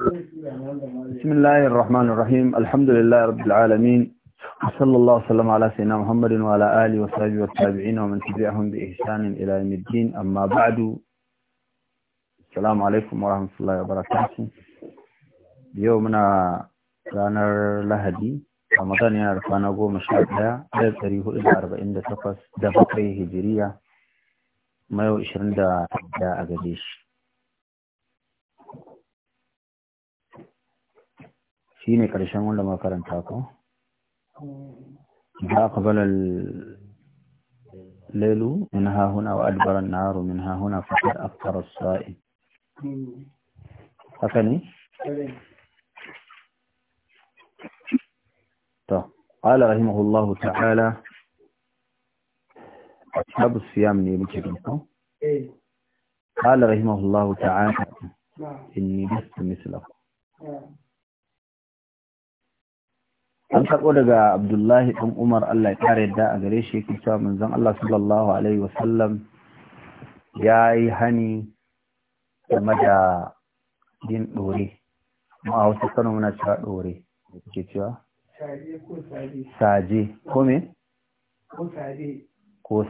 بسم الله الرحمن الرحيم الحمد لله رب العالمين وصلى الله وسلم على سيدنا محمد وعلى آله وصحبه والتابعين ومن تبعهم بإحسان إلى يوم الدين أما بعد السلام عليكم ورحمة الله وبركاته يومنا كان لهدي رمضان يا رفانا kwana goma sha ɗaya ɗaya ɗari hudu da arba'in هجرية ما da bakwai hijiriya shi ne ƙarshen wanda makaranta ko? za a kabala lailu min hahuna wa adbaran naru min hahuna fakar aftarar sa'i haka ne? to ƙala rahimahullahu ta'ala أصحاب الصيام يمكن قال رحمه الله تعالى إني لست مثلكم an karɓo daga abdullahi ɗan umar allah ya ƙara yadda a gare shi yake cewa manzon allah sallallahu alaihi wasallam ya yi hani game da yin ɗore kuma a wasu kano muna cewa ɗore da kuke cewa saje ko me ko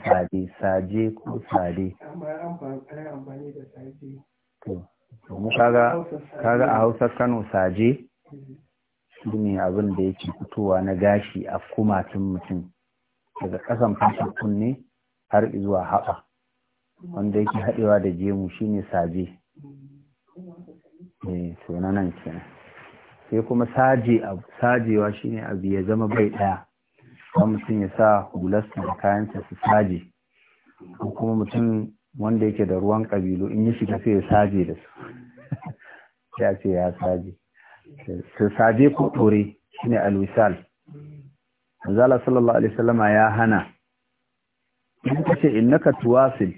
saje. saje ko sade to kaga a hausa kano saje mm. shi ne abin da yake fitowa na gashi a kumatun mutum daga ƙasan fashin kunne har zuwa haɓa wanda yake haɗewa da jemu shi ne saje eh, nan kenan sai kuma sajewa shi ne abu ya zama bai ɗaya kan mutum ya sa hularsa da kayansa su saje ko kuma mutum wanda yake da ruwan ƙabilu in ya shiga sai ya saje da su ya ce ya saje su sabe ko ɗore shine alwisal manzala sallallahu alaihi wasallama ya hana in ka ce innaka tuwasil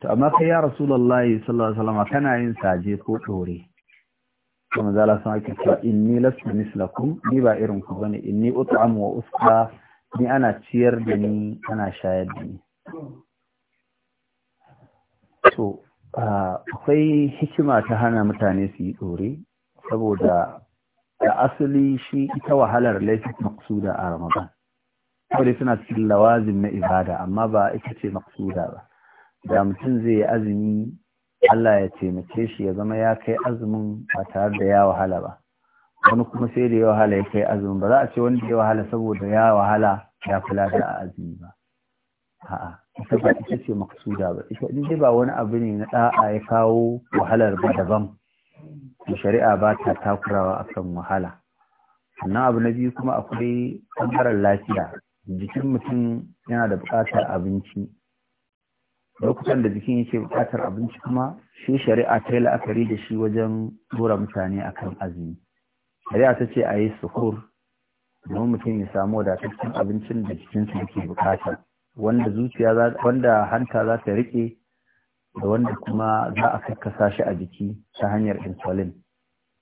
to amma kai ya rasulullahi sallallahu alaihi wasallama kana yin saje ko ɗore kuma zala sun ake cewa inni lasu mislakum ni ba irin ku bane inni ut'am wa usqa ni ana ciyar da ni ana shayar da ni to akwai hikima ta hana mutane su yi dore saboda da asali shi ita wahalar laifin maksuda a ramadan kawai suna cikin lawazin na ibada amma ba ita ce maksuda ba da mutum zai yi azumi Allah ya taimake shi ya zama ya kai azumin ba tare da ya wahala ba wani kuma sai da ya wahala ya kai azumin ba za a ce wanda ya wahala saboda ya wahala ya kula da azumi ba a'a ita ba ita ce maksuda ba ita dai ba wani abu ne na da'a ya kawo wahalar ba daban shari'a ba ta takurawa akan wahala sannan abu na biyu kuma akwai ɓangaren lafiya jikin mutum yana da buƙatar abinci lokutan da jikin yake buƙatar abinci kuma shi shari'a ta yi la'akari da shi wajen dora mutane akan azumi shari'a ta ce a yi sukur domin mutum ya samu wadataccen abincin da jikinsa yake buƙata wanda zuciya wanda hanta za ta riƙe da wanda kuma za a kakkasa shi a jiki ta hanyar insulin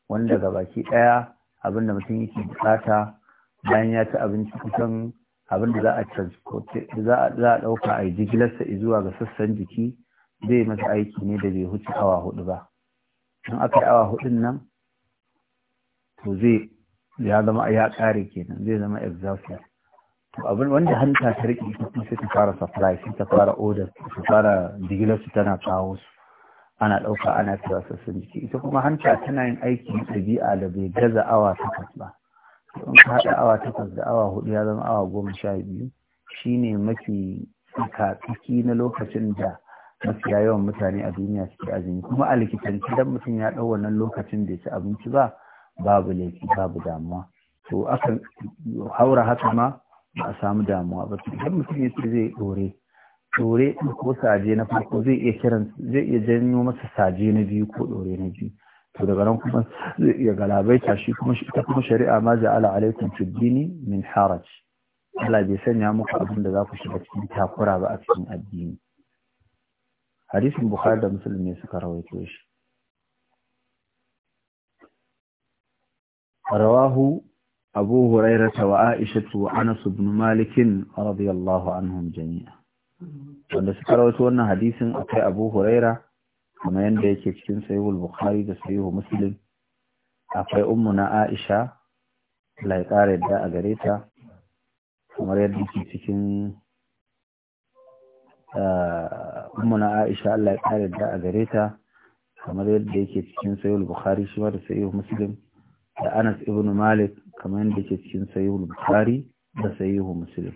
wanda ga baki ɗaya abin da mutum yake bukata bayan ya ci abinci kusan abin da za a za a ɗauka a yi jigilarsa zuwa ga sassan jiki zai masa aiki ne da bai huce awa hudu ba in aka yi awa hudun nan to zai ya zama ya ƙare kenan zai zama exhausted abin wanda hanta ta riƙe kuma sai ta fara supply sai ta fara order ta fara digilar su tana kawo su ana ɗauka ana cewa sassan jiki ita kuma hanta tana yin aiki ɗabi'a da bai gaza awa takwas ba in ka haɗa awa takwas da awa hudu ya zama awa goma sha biyu shine mafi tsaki na lokacin da mafi yawan mutane a duniya suke azumi kuma a likitanci dan mutum ya ɗau wannan lokacin da ya ci abinci ba babu laifi babu damuwa to akan haura haka ma ba a samu damuwa ba idan mutum ya ce zai dore dore ko saje na farko zai iya kiran zai iya janyo masa saje na biyu ko dore na biyu to daga nan kuma zai iya galabaita shi kuma ita kuma shari'a ma ja'ala alaikum tuddini min haraj Allah bai sanya muku abin da za ku shiga cikin takura ba a cikin addini hadisin bukhari da musulmi ne suka rawaito shi rawahu أبو هريرة وعائشة وأنس بن مالك رضي الله عنهم جميعا wanda suka rawaito wannan hadisin akwai Abu Huraira kuma yanda yake cikin Sahihul Bukhari da Sahihul Muslim akwai ummu na Aisha Allah ya da a kamar yadda yake cikin ah, ummu da Bukhari shi ma da Muslim da Anas ibn Malik kamar yadda ke cikin sahihul bukhari da sahihu muslim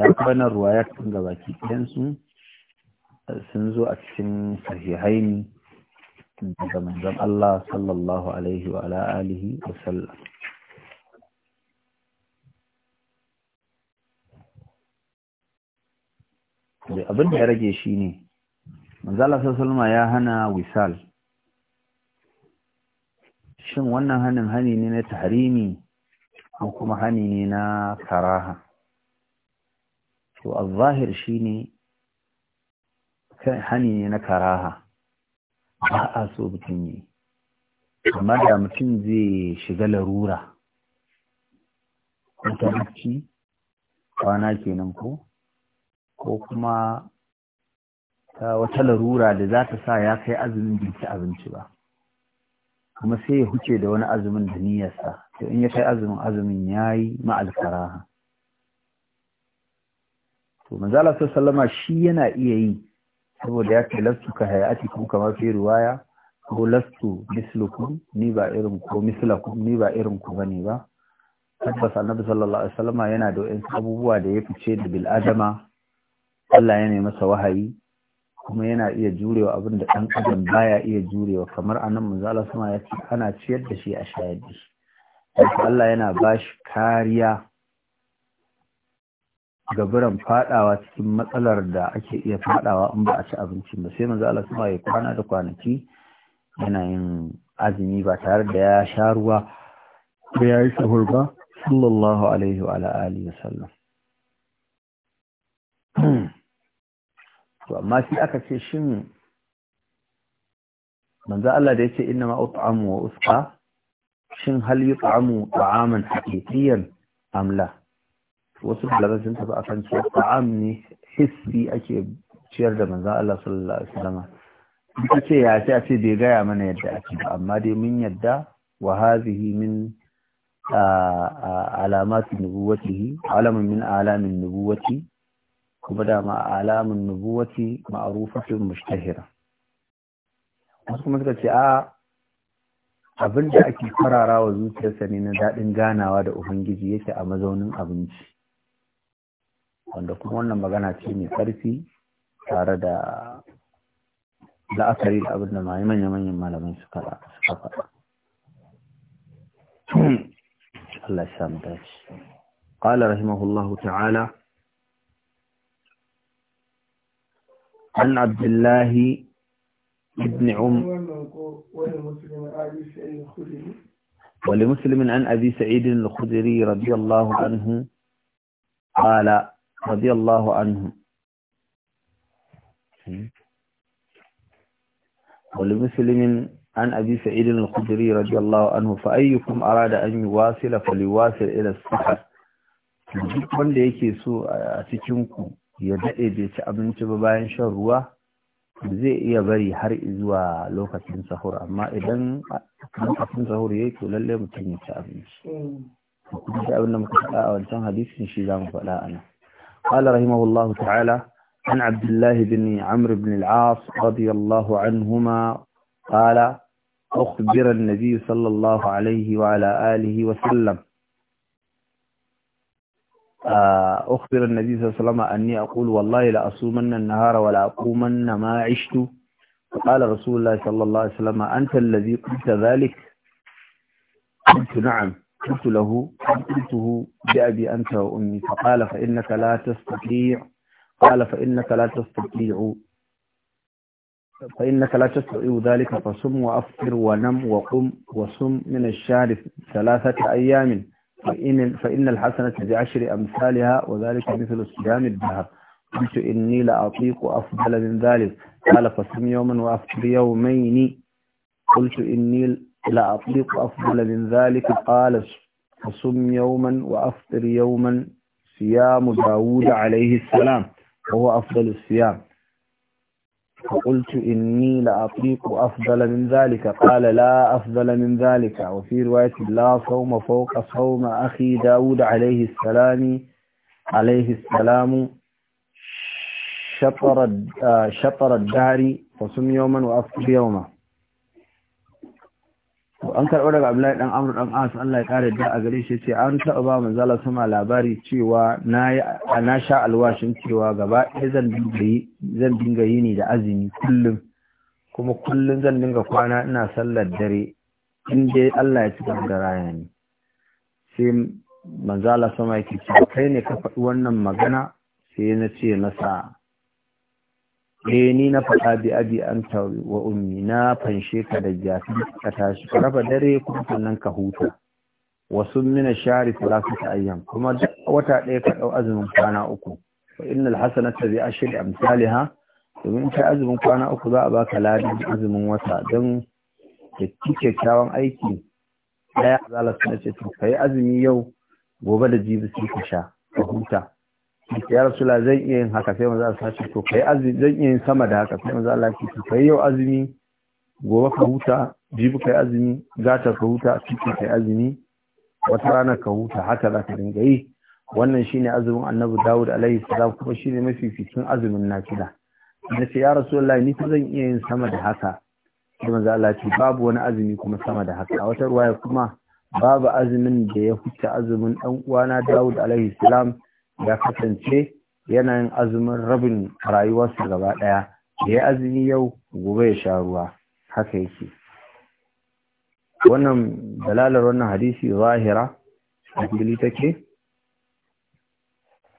ta wannan ruwaya kan gabaki ɗayansu sun zo a cikin sahihaini daga Allah sallallahu alaihi wa ala alihi wa sallam abin da ya rage shi ne manzala sassalma ya hana wisal shin wannan hannun hani ne na taharimi an kuma hani ne na karaha to a zahir shine hani ne na karaha ba a so mutum yi amma da mutum zai shiga larura ta bacci kwana kenan ko ko kuma ta wata larura da za ta sa ya kai azumin bai abinci ba kuma sai ya huce da wani azumin da niyyarsa to in ya kai azumin azumin yayi yi alfaraha to manzo Allah sallama shi yana iya yi saboda ya ce lastu ka hayatikum kamar fi ruwaya ko lastu mislukum ni ba irin ko mislakum ni ba irin ku bane ba tabbas annabi sallallahu alaihi wasallama yana da wasu abubuwa da ya fice da bil'adama, Allah ya nemi masa wahayi kuma yana iya jurewa abinda ɗan adam baya iya jurewa kamar anan manzala sama ya ce ana ciyar da shi a shayar da shi Allah yana ba shi kariya gaburan faɗawa cikin matsalar da ake iya faɗawa in ba a ci abinci ba sai manzo Allah ya kwana da kwanaki yana yin azumi ba tare da ya sha ruwa ba ya yi sahur ba sallallahu alaihi wa alihi wasallam hmm. to amma shi aka ce shin manzo Allah da yace inna ma ut'amu wa usqa shin hal yut'amu ta'aman haqiqiyan am la wasu balaga sun tafi akan cewa ta'am ne hissi ake ciyar da manzo Allah sallallahu alaihi wasallam duk ce ya ce a ce bai gaya mana yadda ake ba amma dai mun yadda wa hadhihi min alamat nubuwatihi alamin min alamin nubuwati kuma dama alamun nubuwati ma'arufatun mushtahira wasu kuma suka ce a abin da ake farara wa zuciyarsa ne na daɗin ganawa da ubangiji yake a mazaunin abinci wanda kuma wannan magana ce mai ƙarfi tare da la'akari da abin da mai manya-manyan malamai suka faɗa Allah shi sami dace. قال رحمه الله تعالى عن عبد الله بن عم ولمسلم عن أبي سعيد الخدري رضي الله عنه قال رضي الله عنه ولمسلم عن أبي سعيد الخدري رضي الله عنه فأيكم أراد أن يواصل فليواصل إلى السحر duk wanda سوء so ya daɗe bai ci abinci ba bayan shan ruwa zai iya bari har zuwa lokacin sahur amma idan lokacin sahur ya to lallai mutum ya ci abinci kuma da abin da muka faɗa a wancan hadisin shi zamu mu faɗa a nan قال ta'ala, an تعالى عن عبد الله بن عمرو بن العاص رضي الله أخبر النبي صلى الله عليه وعلى آله وسلم آه، أخبر النبي صلى الله عليه وسلم أني أقول والله لأصومن النهار ولا أقومن ما عشت فقال رسول الله صلى الله عليه وسلم أنت الذي قلت ذلك قلت نعم قلت له قلته بأبي أنت وأمي فقال فإنك لا تستطيع قال فإنك لا تستطيع فإنك لا تستطيع ذلك فصم وأفطر ونم وقم وصم من الشارف ثلاثة أيام فإن, فإن الحسنة بعشر أمثالها وذلك مثل الصيام الدهر قلت إني لأطيق أفضل من ذلك قال فصم يوما وأفطر يومين قلت إني لأطيق أفضل من ذلك قال فصم يوما وأفطر يوما صيام داود عليه السلام وهو أفضل الصيام فقلت إني لأطيق أفضل من ذلك قال لا أفضل من ذلك وفي رواية لا صوم فوق صوم أخي داود عليه السلام عليه السلام شطر آه، الدهر فصم يوما وأفضل يوما an karɓar daga abdullahi dan amur dan as Allah ya kare da a gare shi ce an taɓa ba manzala sama labari cewa na sha alwashin cewa gaba ɗaya zan dinga yi ne da azumi kullum kuma kullum zan dinga kwana ina sallar dare in dai Allah ya ci da raya ne sai manzala sama yake ce kai ne ka faɗi wannan magana sai na ce nasa eh ni na faɗa bi abi an wa ummi na fanshe ka da jafi ka tashi ka raba dare kuma sannan ka huta wasu mina shari salasata ayyam kuma wata ɗaya ka ɗau azumin kwana uku fa ta biya bi ashri amsalha domin ta azumin kwana uku za a baka ladin azumin wata don kyakkyawan aiki ɗaya za zala na ce to yi azumi yau gobe da jibi sai ka sha ka huta ya rasula zan iya yin haka sai maza Allah ce to kai azumi zan iya yin sama da haka sai maza Allah ce to kai yau azumi gobe ka huta jibi kai azumi gata ka huta cikin kai azumi wata rana ka huta haka za ka dinga yi wannan shine azumin annabi Dawud alaihi salam kuma shine fitin azumin nafila na ce ya rasulullahi ni fa zan iya yin sama da haka sai maza Allah ce babu wani azumi kuma sama da haka a wata ruwaya kuma babu azumin da ya fita azumin dan uwana Dawud alaihi salam ya kasance yanayin azumin rabin rayuwarsa gaba ɗaya ya azumi yau gobe ya sha ruwa haka yake wannan dalalar wannan hadisi zahira a fili take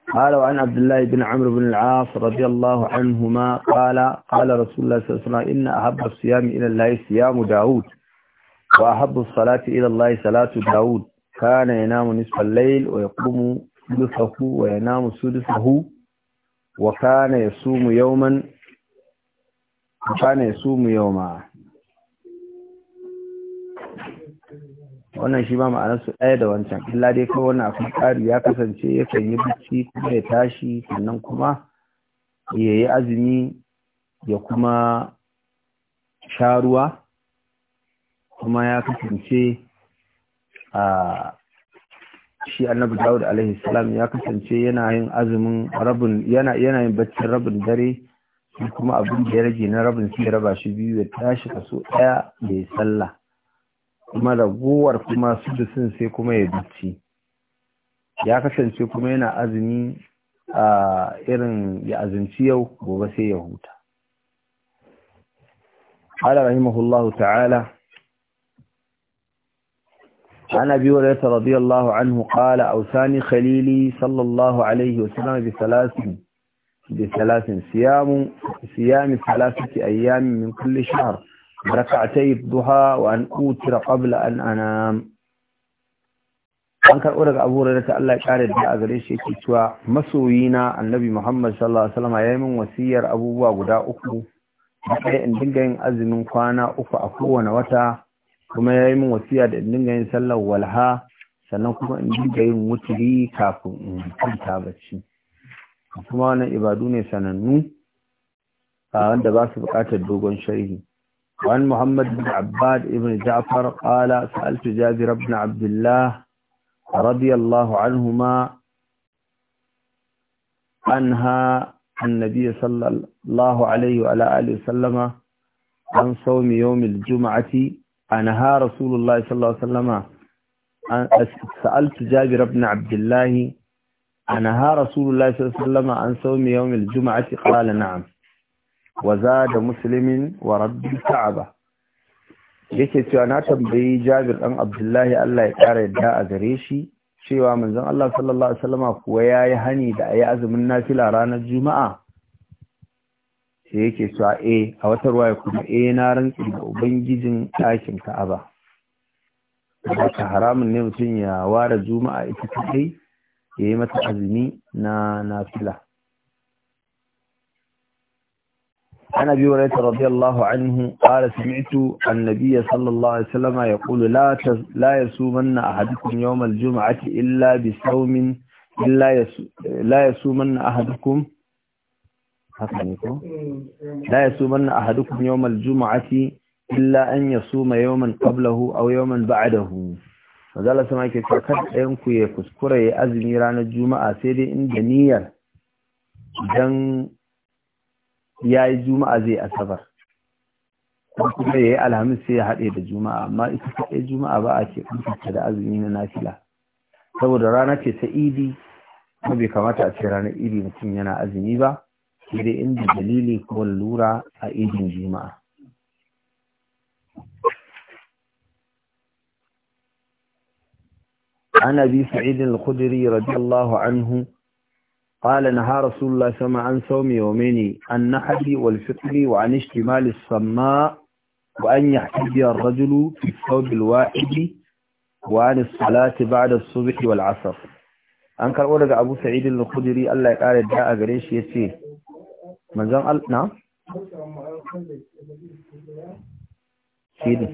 قال وعن عبد الله بن عمرو بن العاص رضي الله عنهما قال قال رسول الله صلى الله عليه وسلم إن أحب الصيام إلى الله صيام داود وأحب الصلاة إلى الله صلاة داود كان ينام نصف الليل ويقوم sudusahu wa yanamu sudusahu wa kana yasumu yawman wa kana yauma wannan shi ba ma'anar su ɗaya da wancan illa dai kawai wannan akwai ƙari ya kasance ya kan yi bacci kuma ya tashi sannan kuma ya yi azumi ya kuma sha ruwa kuma ya kasance a ah, shi annabi dawud alaihi salam ya kasance yana yin azumin rabin yana yana yin baccin rabin dare kuma abin da ya rage na rabin sai raba shi biyu ya tashi kaso daya mai sallah kuma ragowar kuma sudusin sai kuma ya bacci ya kasance kuma yana azumi a irin ya azumci yau gobe sai ya huta Allah rahimahullahu ta'ala عن أبي هريرة رضي الله عنه قال أوساني خليلي صلى الله عليه وسلم بثلاث بثلاث صيام صيام ثلاثة أيام من كل شهر ركعتي الضحى وأن أوتر قبل أن أنام an karɓo daga abu da ta Allah ya da a gare shi yake cewa masoyina annabi Muhammad sallallahu alaihi wasallam ya yi min wasiyar abubuwa guda uku na ɗaya in dinga yin azumin kwana uku a kowane wata kuma ya yi min wasiya da in dinga yin sallar walha sannan kuma in dinga yin wuturi kafin in kwanta bacci kuma wannan ibadu ne sanannu a wanda ba su bukatar dogon sharhi وعن محمد بن عباد بن جعفر قال سألت جابر بن عبد الله رضي الله عنهما عنها النبي صلى الله عليه وعلى آله وسلم عن صوم يوم الجمعة أنها رسول الله صلى الله عليه وسلم سألت جابر بن عبد الله أنها رسول الله صلى الله عليه وسلم عن صوم يوم الجمعة قال نعم وزاد مسلم ورب الكعبة yake cewa na tambayi Jabir ɗan Abdullahi Allah ya kara yadda a gare shi cewa manzon Allah sallallahu alaihi wasallama kuwa yayi hani da ayi azumin nafila ranar Juma'a sai yake cewa e a wata waya kuma e na rantsi da ubangijin ɗakin ka'aba wata haramun ne mutum ya ware juma'a ita kaɗai ya yi mata azumi na nafila عن ابي هريره رضي الله عنه قال سمعت النبي صلى الله عليه وسلم يقول لا لا يصومن احدكم يوم الجمعه الا بصوم الا لا يصومن احدكم haka ne ko mm, mm. la yasumanna ahadukum yawmal jumu'ati illa an yasuma yawman qablahu aw yawman ba'dahu mazala sama yake kar kan ɗayan ku ya kuskura ya azumi ranar juma'a sai dai inda niyyar dan ya yi juma'a zai asabar ko kuma ya alhamis sai ya hade da juma'a amma ita kaɗai juma'a ba a ce ɗanfata da azumi na nafila saboda rana ce ta idi ko bai kamata a ce ranar idi mutum yana azumi ba da inda dalili ko lura a idin jima'a. An abi sa'idin al-Khudri radiyallahu anhu, ƙala na hara Sula sama an sau mai yome an na haɗi walfiƙri wa an ishtimali sama wa an yi hajjiyar rajulu fi sau bilwa ibi wa an salati ba da su biki wal'asar. An karɓo daga abu sa'idin al Allah ya ƙara da a gare shi ya ce, من قال نعم سيدي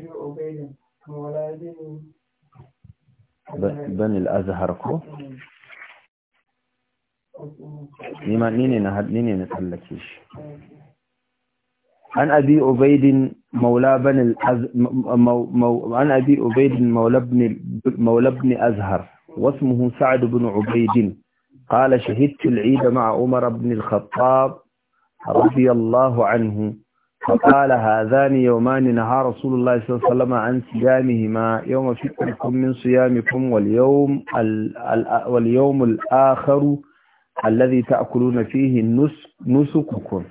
بني الأزهر كو نيما نيني نهد نيني نتعلك فيش أبي عبيد مولى بن الأز... مو... مو... أن أبي عبيد مولى بن مولى بن أزهر واسمه سعد بن عبيد قال شهدت العيد مع عمر بن الخطاب رضي الله عنه فقال هذان يومان نهى رسول الله صلى الله عليه وسلم عن صيامهما يوم فطركم من صيامكم واليوم واليوم الآخر الذي تأكلون فيه نسككم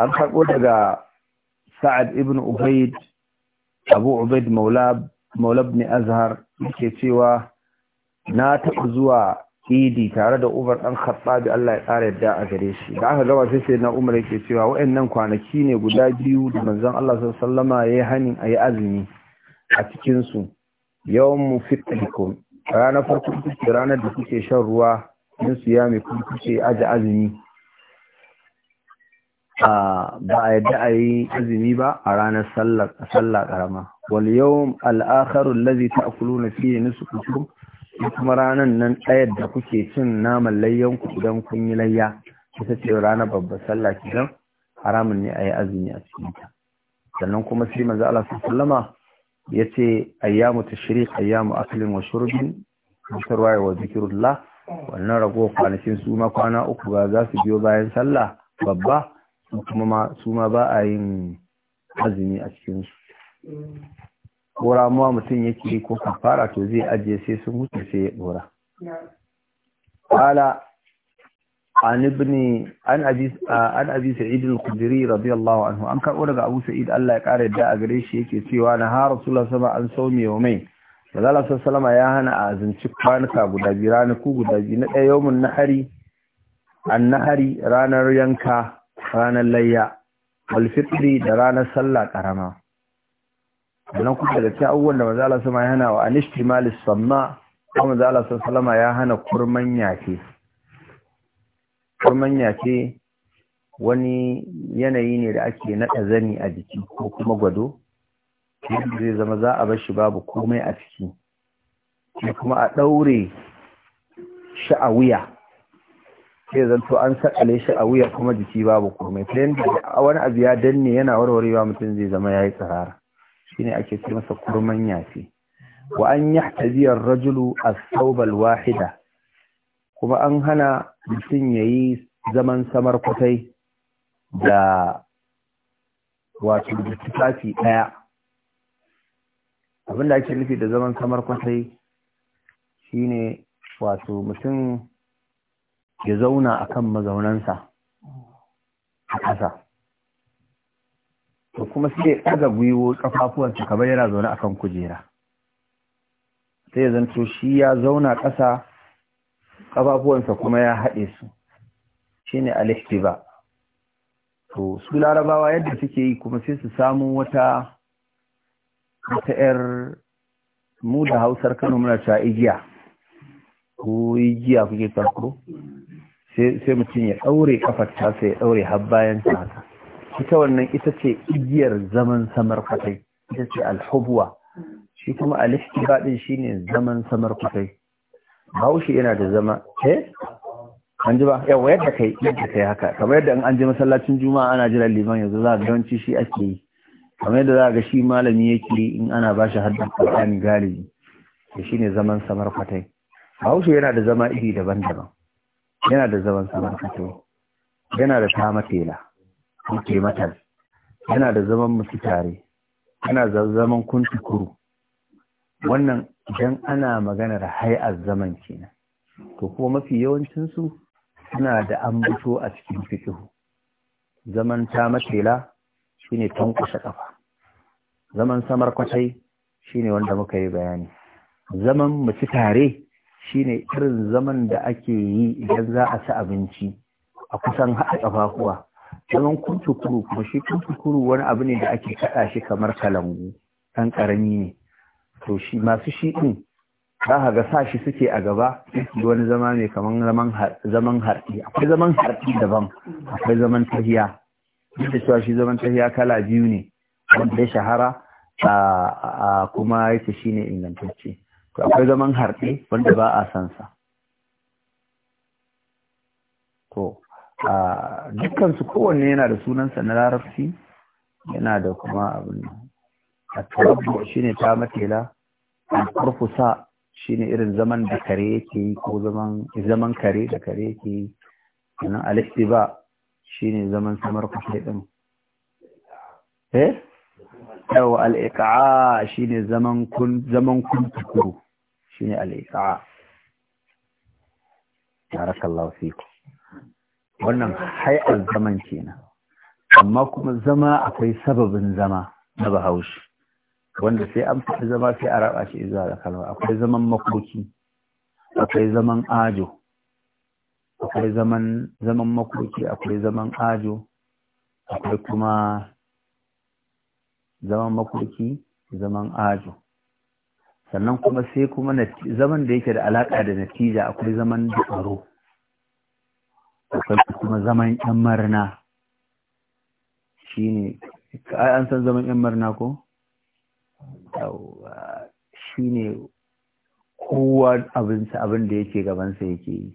an karɓo daga sa'ad ibn ubaid abu ubaid maulab ibn azhar yake cewa na taɓa zuwa idi tare da Umar dan Khattabi Allah ya kare yadda a gare shi da aka gaba sai na Umar yake cewa wayannan kwanaki ne guda biyu da manzon Allah sallallahu alaihi wasallama yayi hanin ayi azumi a cikin su yawm fitrikum ranar farko kuke ranar da kuke shan ruwa su ya kuma kuke aje azumi a ba a yadda a yi azumi ba a ranar sallah karama wal yawm al-akharu allazi ta'kuluna fihi nusukum da kuma ranar nan ɗayar da kuke cin naman layyan ku idan kun yi layya ita ce ranar babbar sallah kenan haramun ne a yi azumi a cikin ta sannan kuma sai manzo Allah sallama ya ce ayyamu tashriq ayyamu aklin wa shurbin mutarwa wa zikrullah wannan rago kwanakin su ma kwana uku ba za su biyo bayan sallah babba kuma su ma ba a yin azumi a cikin su ko ma mutum yake ko kafara to zai ajiye sai sun wuce sai ya dora qala an ibn an abi an abi sa'id al-khudri radiyallahu anhu an karbo daga abu sa'id Allah ya kare da a gare shi yake cewa na ha rasulullah sama an saumi yawmai sallallahu alaihi ya hana a azumci kwanuka guda biyu ku guda biyu na ɗaya yawmun nahari an nahari ranar yanka ranar layya wal fitri da ranar sallah karama sannan kuma daga cikin abubuwan da manzo Allah sama ya hana wa anishtimalis samma kuma manzo Allah ya hana kurman yake kurman yake wani yanayi ne da ake naɗa zani a jiki ko kuma gwado zai zama za a bar babu komai a ciki kuma a ɗaure shi a wuya sai zanto an sakale shi a wuya kuma jiki babu komai ta yadda wani abu ya danne yana warwarewa mutum zai zama ya yi tsirara shine ake ce masa kurman yafi wa an yahtazi ar-rajulu as-thawb wahida kuma an hana mutum yayi zaman samar kutai da wato da tsafi daya abinda ake nufi da zaman samar kutai shine wato mutum ya zauna akan mazaunansa a ƙasa to kuma sai ɗaga gwiwo ƙafafuwansa kamar yana zaune a kan kujera sai ya zanto shi ya zauna ƙasa ƙafafuwansa kuma ya haɗe su shi ne ba. to su larabawa yadda suke yi kuma sai su samu wata wata 'yar mu da hausar kano muna ta igiya ko igiya kuke farko sai mutum ya ɗaure ƙafar ta ya ɗaure har bayan ta haka ita wannan ita ce igiyar zaman samar kwatai ita ce alhubuwa shi kuma baɗin shi shine zaman samar kwatai Bahaushe yana da zama eh an ji ba yawa yadda kai yadda kai haka kamar yadda an ji masallacin juma'a ana jiran liman yanzu za ga yawanci shi ake yi kamar yadda za ga shi malami yake in ana ba shi haddar Qur'ani galibi shi shine zaman samar kwatai Bahaushe yana da zama iri daban-daban yana da zaman samar kwatai yana da tamatela yake mata yana da zaman musu tare yana da zaman kun tukuru wannan idan ana maganar hai'ar zaman kenan to kuma mafi yawancin su suna da ambato a cikin fikihu zaman ta matela shine tankwashe kafa zaman samar kwatai shine wanda muka yi bayani zaman mace tare shine irin zaman da ake yi idan za a ci abinci a kusan haɗa ƙafafuwa kalon kuntukuru kuma shi kuntukuru wani abu ne da ake kaɗa shi kamar kalangu ɗan ƙarami ne to shi masu shi ɗin za ka ga sa shi suke a gaba wani zama mai kamar zaman harɗi akwai zaman harɗi daban akwai zaman tahiya duk da cewa shi zaman tahiya kala biyu ne wanda ya shahara a kuma yake ne ingantacce to akwai zaman harɗi wanda ba a sansa. to a dukkansu kowanne yana da sunansa na larabci yana da kuma abin a turabu shi ne ta matela a kurfusa shi ne irin zaman da kare yake yi ko zaman kare da kare yake yi sannan alisti ba shi ne zaman samar kusa ɗin eh yau al'iƙa'a shi ne zaman kun tukuru shi ne al'iƙa'a tarakallahu fiku wannan hai'ar zaman kenan amma kuma zama akwai sababin zama na bahaushe wanda sai an fi zama sai a raba shi zuwa da kalma akwai zaman makoki akwai zaman ajo akwai zaman zaman makoki akwai zaman ajo akwai kuma zaman makoki zaman ajo sannan kuma sai kuma zaman da yake da alaƙa da natija akwai zaman tsaro akwai kuma zaman yan marna shine ai an san zaman yan marna ko Shi ne kowa abinsa abin da yake gabansa yake yi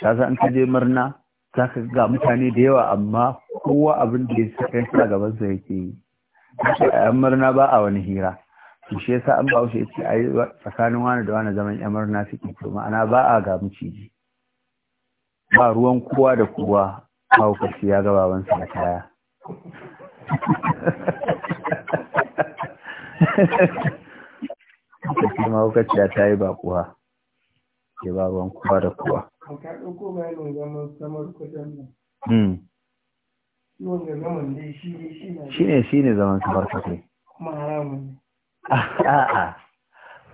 shasa an kaje marna za ka ga mutane da yawa amma kowa abin da ya saka shi a gabansa yake yi a yan murna ba a wani hira to shi yasa an ba wuce ya ce a yi tsakanin wani da wani zaman yan marna suke to ma'ana ba a ga miciji ba ruwan kowa da kowa haukaci ya wansa da kaya ma haukaci ya ta yi bakuwa ke ba ruwan kowa da kowa hmm. shi ne shi ne zaman samar kwatai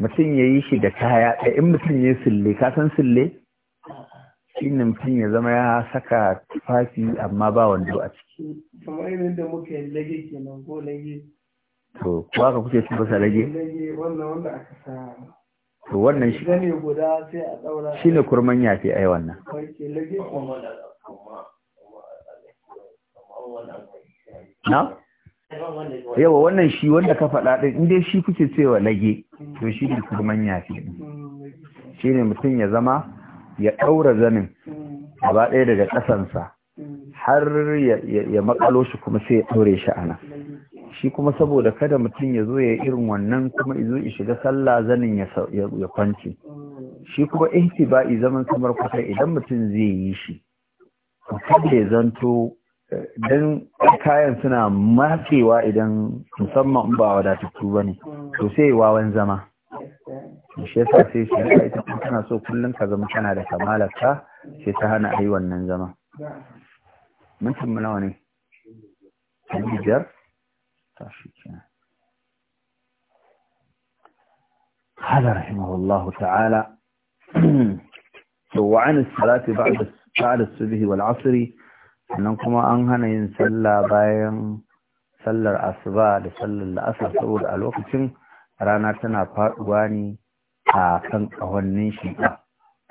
mutum ya yi shi da kaya eh, in mutum ya yi sille san sille shine mutum ya zama ya saka tufafi amma ba wando a ciki kamar yadda muka yi lage kenan ko lage to kuwa ka kuce su basa lage lage wannan wanda aka sa to wannan shi ne guda sai a Shi ne kurman yafi ai wannan lage na yawa wannan shi wanda ka faɗa ɗin inda shi kuke cewa lage to mm. shi ne kurman yafi mm, shi ne mutum ya zama ya ɗaura zanin mm. gaba ɗaya daga ƙasansa mm. har ya makalo shi kuma sai ya ɗaure shi ana shi kuma saboda kada mutum ya zo ya irin wannan kuma izo ya shiga sallah zanin ya kwance mm. shi kuma i zaman samar kwata idan mutum zai yi shi kada ya zanto eh, dan kayan suna matsewa idan musamman ba wadatattu ba ne to sai wawan zama shi yasa sai shi ita tana so kullum ka zama tana da kamalar ka sai ta hana ayi wannan zama mutum nawa ne biyar ta shi kenan قال رحمه الله ba a da su bihi الصبح la'asiri. sannan kuma an hana yin sallah bayan sallar asuba da sallar la'asar saboda a lokacin rana tana faduwa ne a kan kawannin shiɗa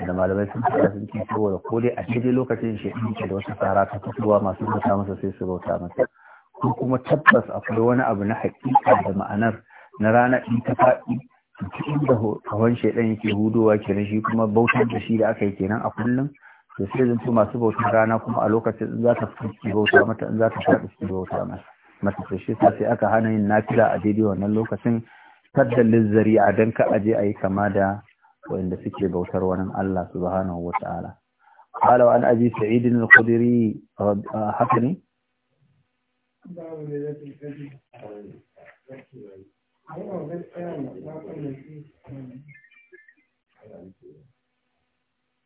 da malamai sun fara sun ce saboda ko dai a cikin lokacin shiɗin ke da wasu tsara ta fitowa masu bauta masa sai su bauta masa ko kuma tabbas akwai wani abu na haƙiƙa da ma'anar na rana in ta faɗi cikin da kawon shaidan yake hudowa kenan shi kuma bautar da shi da aka yi kenan a kullum to sai zan ce masu bautar rana kuma a lokacin in za ta fuski bauta mata in za ta faɗi su bauta masa mata shi sai aka hana yin nafila a daidai wannan lokacin saddalin zari'a don ka aje a yi kama da wanda suke bautar wani Allah subhanahu wa ta'ala. Ƙala wa an aji sa'idin al-Qudiri ah, haka ne?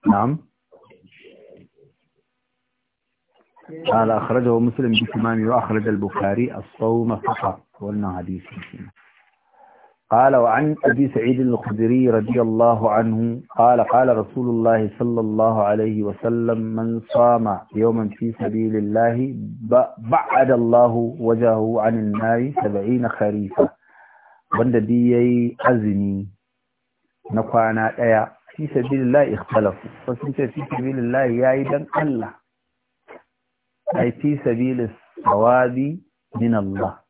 Na'am. قال أخرجه مسلم بالتمام وأخرج البخاري الصوم فقط قلنا حديث قال وعن أبي سعيد الخدري رضي الله عنه قال قال رسول الله صلى الله عليه وسلم من صام يوما في سبيل الله بعد الله وجهه عن النار سبعين خريفا wanda duk ya yi azumi na kwana ɗaya fi sabilillah ikhtalafu wasu ce fi sabilillah ya yi don Allah ai fi sabilis sawabi min Allah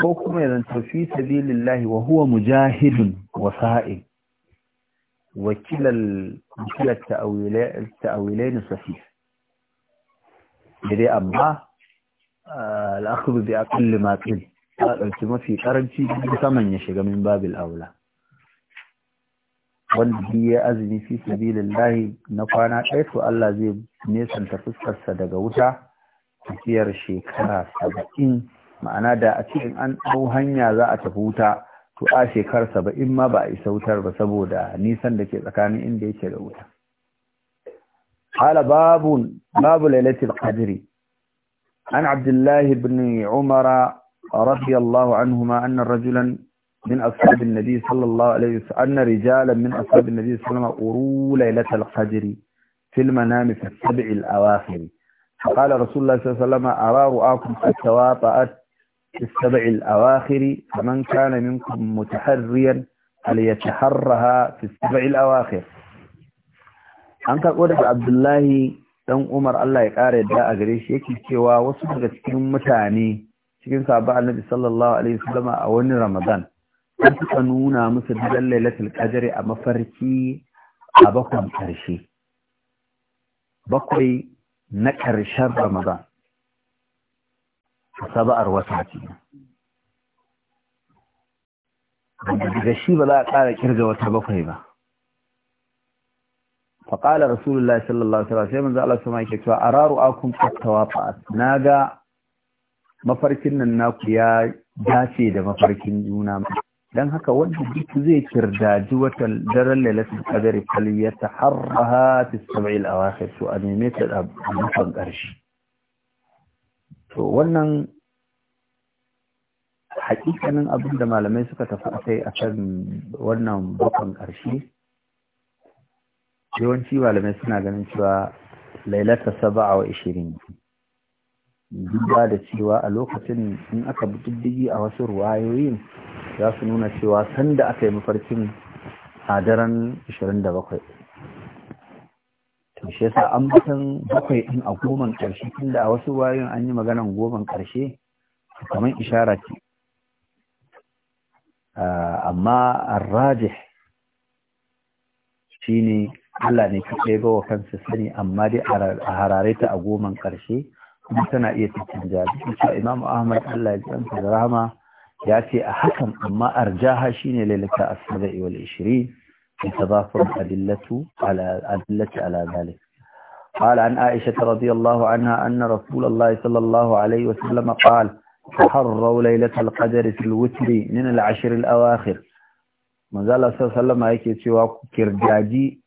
ko kuma ya zanto fi sabilillahi wa huwa mujahidun wa sa'il wakilal wakilat ta'awilain sahih dai amma al'akhudhu bi aqall ma qil ta dauki mafi karanci saman ya shiga min babil aula wanda ya azumi fi sabilillahi na kwana ɗaya to Allah zai nesanta fuskarsa daga wuta tafiyar shekara saba'in ma'ana da a cikin an ɗau hanya za a tafi wuta to a shekarar saba'in ma ba a isa wutar ba saboda nisan da ke tsakanin inda yake da wuta. Hala babu lailatul qadri an Abdullahi ibn Umar radiyallahu anhu ma anna في السبع الأواخر فمن كان منكم متحريا فليتحرها في السبع الأواخر أنت قولت عبد الله dan Umar Allah ya kare da a gare shi yake cewa wasu daga cikin mutane cikin sahabba Annabi sallallahu alaihi wasallam a wani Ramadan an suka nuna musu dalil lailatul qadri a farki a bakon karshe bakwai na karshen Ramadan saba'ar wata ce daga shi ba za a ƙara kirga wata bakwai ba faƙalar rasulullah sallallahu alaihi wasallam sai manzo Allah su yake cewa araru akum qattawa fa naga mafarkin nan naku ya dace da mafarkin juna dan haka wanda duk zai kirdaji wata daren lailatul qadri fal yataharraha fi sab'il awakhir su a neme ta a ƙarshe to wannan hakikanin abin da malamai suka tafi a kai a kan wannan bakon ƙarshe yawanci malamai suna ganin cewa lailata saba'a wa ishirin duba da cewa a lokacin in aka bi diddigi a wasu ruwayoyin za su nuna cewa sanda aka yi mafarkin a daren 27 shi yasa an batan bakwai ɗin a goman ƙarshe tunda a wasu wayoyin an yi maganan goman ƙarshe kamar ishara ce ah, amma arrajih shine Allah ne kake ga wa kansa sani amma dai a harare ta a goman ƙarshe kuma tana iya cikin jabi ta imam ahmad Allah ya ji da rahama ya ce a hakan amma arjaha shine lailata da iwal 20 يتضافر الأدلة على الأدلة على ذلك قال عن عائشة رضي الله عنها أن رسول الله صلى الله عليه وسلم قال تحروا ليلة القدر في الوتر من العشر الأواخر manzo Allah sallallahu alaihi wasallam yake cewa ku kirgaji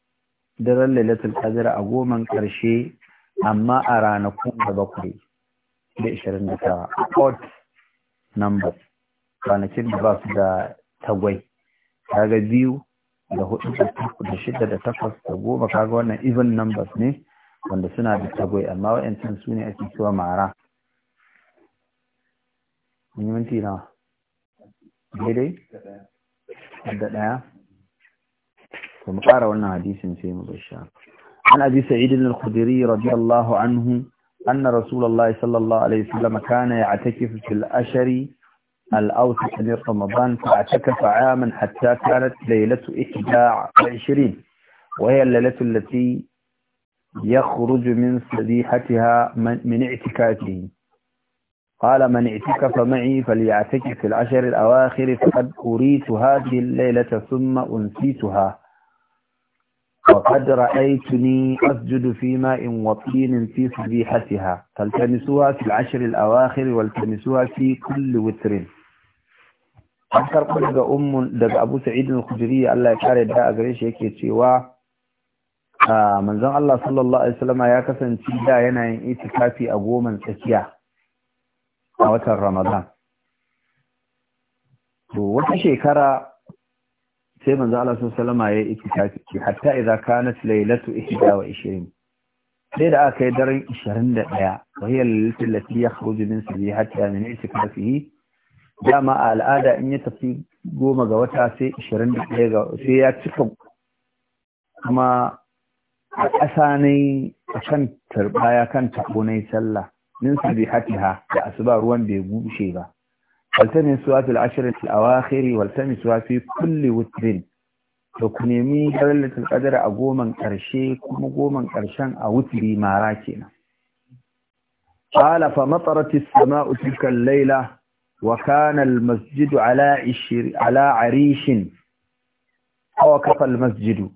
daren lailatul qadr a goman karshe amma a ranakun da bakwai da 29 odd number ranakin da ba su da tagwai kaga biyu da hudu da shida da takwas da goma kaga wannan even numbers ne wanda suna da tagwai amma wa'yancan su ne ake cewa mara mun yi minti nawa daidai da ɗaya to mu ƙara wannan hadisin sai mu basha an abi sa'id ibn al-khudri anhu anna rasulullahi sallallahu alaihi wasallam kana ya'takifu fil ashari الأوسط من رمضان فاعتكف عاما حتى كانت ليلة إحدى وهي الليلة التي يخرج من صديحتها من اعتكافه قال من اعتكف معي فليعتكف في العشر الأواخر فقد أريت هذه الليلة ثم أنسيتها وقد رأيتني أسجد في ماء وطين في صبيحتها فالتمسوها في العشر الأواخر والتمسوها في كل وتر an karɓo daga ummun daga abu sa'id al-khudri Allah ya kare da a gare shi yake cewa ah, manzon Allah sallallahu alaihi wasallam ya kasance da yana yin itikafi a goma tsakiya a watan Ramadan to wata shekara sai manzon Allah sallallahu alaihi wasallam ya itikafi hatta idza kanat laylatu 21 sai da aka yi daren 21 wa hiya allati yakhruju min sabihatiha min itikafihi dama a al'ada in ya tafi goma ga wata sai ishirin da ɗaya ga sai ya cika kuma a ƙasa ne a kan tarba ya kan taɓo na sallah min hatiha da asuba ruwan bai bushe ba waltani suwa fil ashirin al-awakhiri waltani suwa fi kulli witrin da ku nemi lailatul qadr a goman ƙarshe kuma goman ƙarshen a wutri mara kenan qala fa matarat as-sama'u tilka laila وكان المسجد على على عريش فوقف المسجد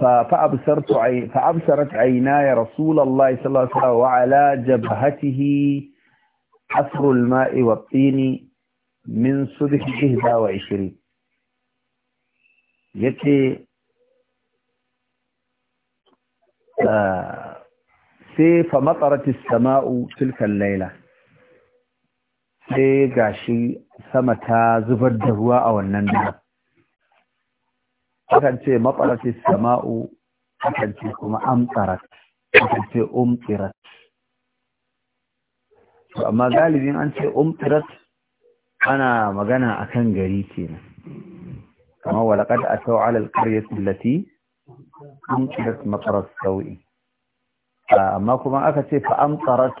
فأبصرت عي... فأبصرت عيناي رسول الله صلى الله عليه وسلم وعلى جبهته حفر الماء والطين من صبح وعشرين يتي آه سيف مطرت السماء تلك الليله sai shi sama ta zubar da ruwa a wannan daren akan ce matsaratis sama'u akan ce kuma amtsarat akan ce umtsirat to amma galibin an ce umtsirat ana magana akan gari kenan kama walaqad ataw ala alqaryati allati umtsirat matsarat sau’i. Ah, amma kuma aka ce fa amtsarat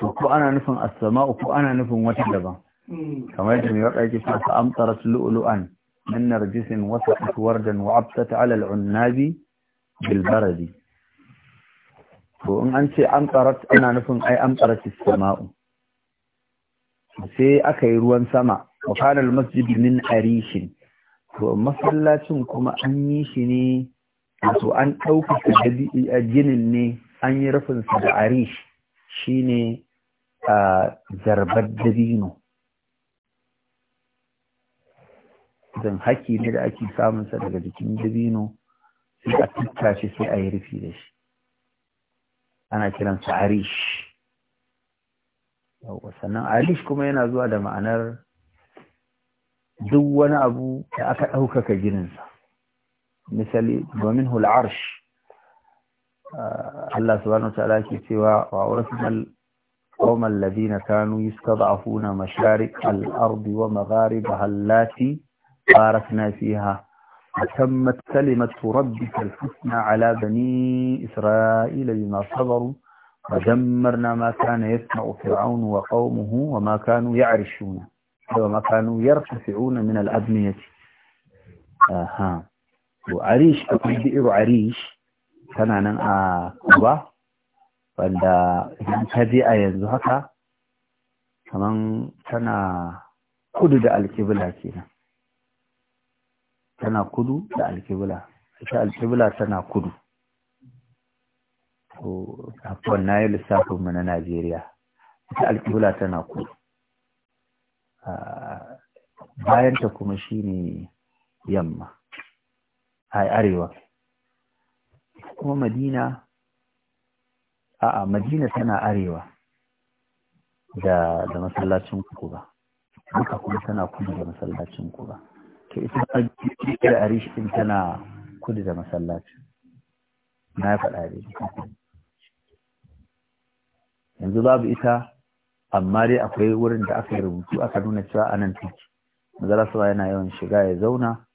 to ko ana nufin as-sama'u ko ana nufin wata daban kamar yadda mai waka yake cewa fa amtarat lu'lu'an min narjisin wa saqat wardan wa abtat 'ala al-'unnabi bil baradi to in an ce amtarat ana nufin ai amtarat as-sama'u sai aka yi ruwan sama wa kana al-masjid min arishin to masallacin kuma an yi shi ne wato an ɗaukaka ginin ne an yi rufinsa da arish shine zarbar dabino zan haki ne da ake samun sa daga jikin dabino sai a tukka sai a yi rufi da shi ana kiransa arish sannan arish kuma yana zuwa da ma'anar duk wani abu da aka ɗaukaka gininsa misali domin hul'arsh Allah subhanahu wa ta'ala ke cewa wa aurasnal قوم الذين كانوا يستضعفون مشارق الأرض ومغاربها التي باركنا فيها وتمت كلمة ربك الحسنى على بني إسرائيل بما صبروا ودمرنا ما كان يسمع فرعون وقومه وما كانوا يعرشون وما كانوا يرتفعون من الأبنية أها وعريش أقول بئر عريش كان عن آه، كوبا wanda idan ka je a yanzu haka kaman tana kudu da alkibla kenan tana kudu da alkibla ita alkibla tana kudu to afuwan na yi lissafinmu na najeriya ita alkibla tana kudu bayanta kuma shine yamma a arewa kuma madina a'a madina tana arewa da da masallacin kuba duka kuma tana kudu da masallacin kuba to ita madina da arish din tana kudu da masallacin na faɗa dai yanzu babu ita amma dai akwai wurin da aka yi rubutu aka nuna cewa anan take suwa yana yawan shiga ya zauna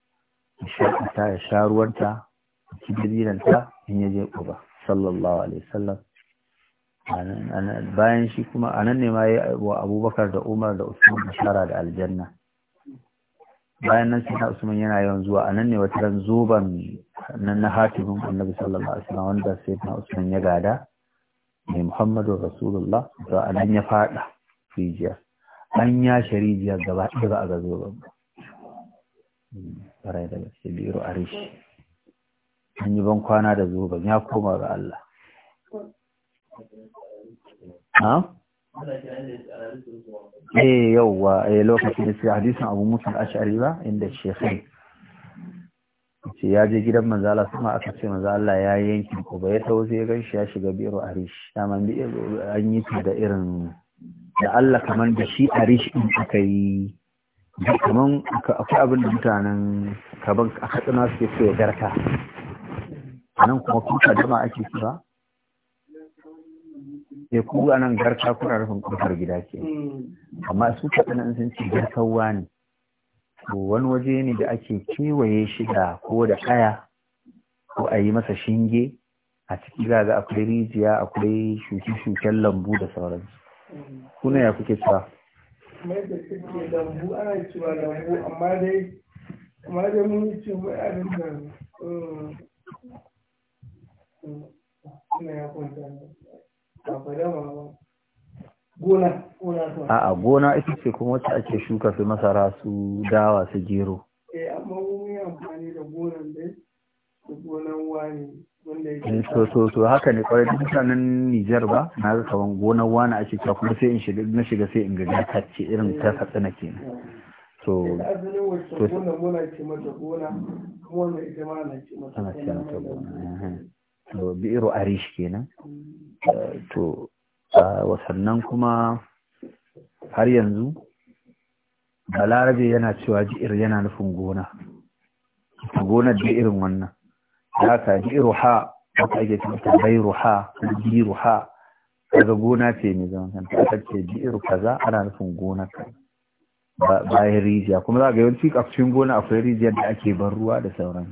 ya sha ya sha ruwanta ya ci dabinanta in ya je ba sallallahu alaihi sallam bayan shi kuma a nan ne ma ya wa abubakar da umar da usman Shara da aljanna bayan nan sai usman yana yawan zuwa a nan ne wata ran zoban nan na hatimin annabi sallallahu alaihi wasallam wanda sai na usman ya gada mai muhammadu rasulullah to a nan ya fada rijiyar an ya sharijiyar gaba ɗaya ba a ga zoban ba da biro arish an yi ban kwana da zoban ya koma ga Allah ha eh eh lokacin da sai hadisin Abu Musa al-Ash'ari ba inda shekhai ce ya je gidan manzo Allah sama aka ce manzo Allah ya yanki ko bai ya tawo sai ya ganshi ya shiga biro arish daman bi an yi ta da irin da Allah kaman da shi arish din aka yi kaman akwai abin da mutanen kaban aka tsina suke so ya garka nan kuma kuka jama'a ake kira sai eh, ku a nan garka kuna rufin kofar gida ke hmm. amma su kaɗan sun ce garkawa ne to wani waje ne da ake kewaye shi da ko da kaya ko a yi masa shinge a ciki za ga akwai rijiya akwai shuke-shuken lambu da sauransu hmm. kuna ya kuke cewa kamar da suke lambu ana cewa lambu amma dai kamar da mun ce mai abin da hmm. kuna ya kwanta A'a gona ita ce kuma wacce ake shuka su masara su dawa su gero. Eh amma mun So so so haka ne kwarai mutanen Nijar ba na ga kaman gonan wani ake cewa kuma sai in shiga na shiga sai in gaji ta ce irin ta ke kenan. So eh, so gonan mata gona kuma ita ma na mata to bi'ru arish kenan to wasannan kuma har yanzu balarabe yana cewa ji'ir yana nufin gona gonar da irin wannan ya ka ji'iru ha wata ake cikin ta bairu ha ji'iru ha daga gona ce mai zaman kanta aka ce ji'iru kaza ana nufin gona ka bayan rijiya kuma za ga yawanci kafin gona akwai rijiyar da ake ban ruwa da sauran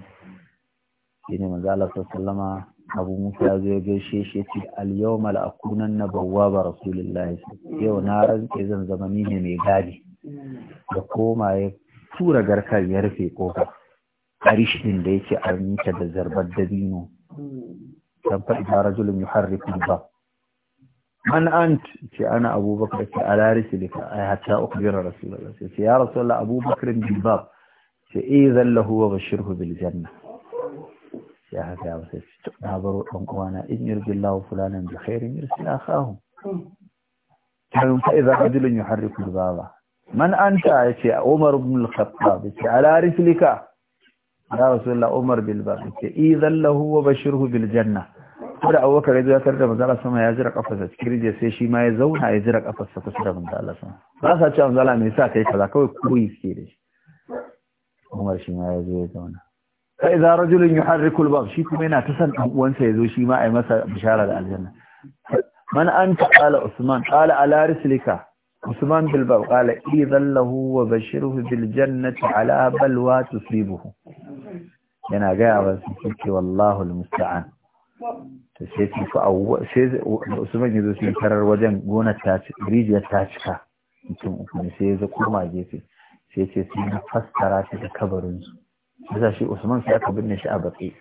shi ne manzo Allah sallama abu musa ya gaishe shi ce al-yawmal akunan na ba rasulullahi yau na rantse zan zama ni ne mai gadi da koma ya tura garkar ya rufe kofa arish da yake arnita da zarbar dabino kan fa idan rajulun yuharriku ba man ant ce ana abubakar ce ala aya, ay hatta ukhbira rasulullahi ce ya rasulullah abubakar bin bab ce eh zallahu wa bashirhu bil janna sai haka ya masa na baro ɗan na. in yurbillahu fulanan na khairin yursil Ta kan fa yi harri yuharriku ba ba man an ta ce a Umar ibn al-Khattab yace ala rislika ya la Umar bil bab yace idan lahu wa bashirhu bil janna kada Abubakar ya zakar da manzo sama ya jira kafarsa cikin rijiyar sai shi ma ya zauna ya jira kafarsa kusa da manzo sama ba sa ce manzo mai me yasa yi kaza kawai koyi suke da shi Umar shi ma ya zo ya zauna fa idza rajulun yuharriku shi kuma yana ta san ɗan'uwansa ya zo shi ma yi masa bishara da aljanna man ta qala usman qala ala rislika usman bil bab qala idan lahu wa bashirhu bil jannati ala balwa tusibuhu yana gaya ba su ce wallahu musta'an to sai ki fa usman yazo shi karar wajen gona ta ci rijiyar ta cika mutum uku ne sai ya zo koma gefe sai ce sai na fassara ta da kabarinsu da shi Usman sai aka binne shi a batse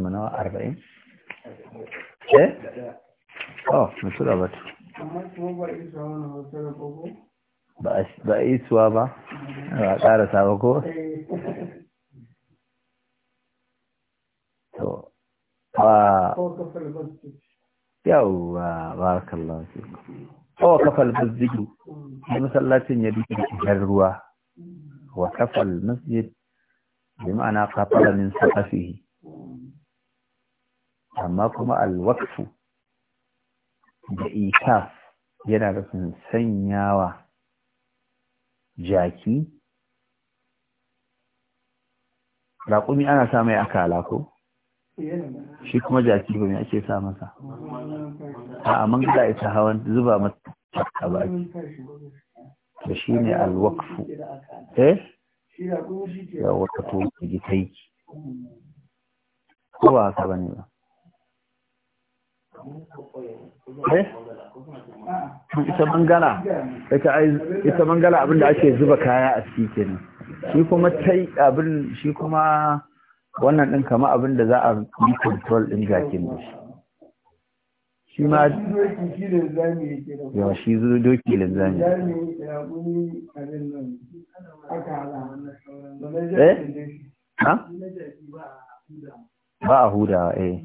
manawa hmm. arba'in? Eh? oh ba ta ba a isuwa ba ba a ba ko? yawwa barakallahu fikum awa kafal masjid bi masallacin ya jar ruwa wa kafal masjid bi ma'ana kafala min safihi amma kuma al waqf da ikaf yana nufin sanyawa jaki raƙumi ana sa mai akala ko shi kuma jaki ba me ake sa masa a man ga ita hawan zuba masa a baki shi ne alwakfu eh ya wata to ji yi ko ba haka ne ba eh? ita mangala ita mangala abinda ake zuba kaya a cikin. shi kuma tai abin shi kuma wannan ɗin kama abin da za a yi control ɗin jakin da shi shi ma yawa shi zuwa doki linzami eh ha ba a hudawa eh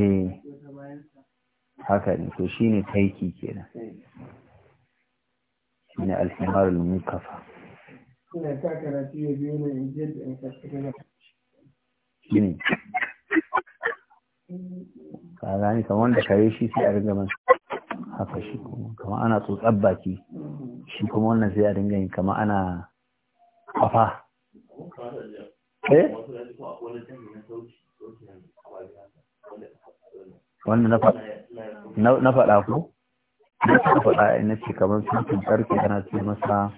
eh haka ne to shine taiki kenan eh. shine alhimarul mukafa suna sa karatu ya biyo na injiyar da yanka suka na ka gani kamar wanda kare shi sai a riga man haka shi kuma kamar ana tsotsar baki shi kuma wannan sai a dinga yin kamar ana kafa eh wannan na faɗa ko na ta faɗa eh, na ce kamar sun karfe ana ce masa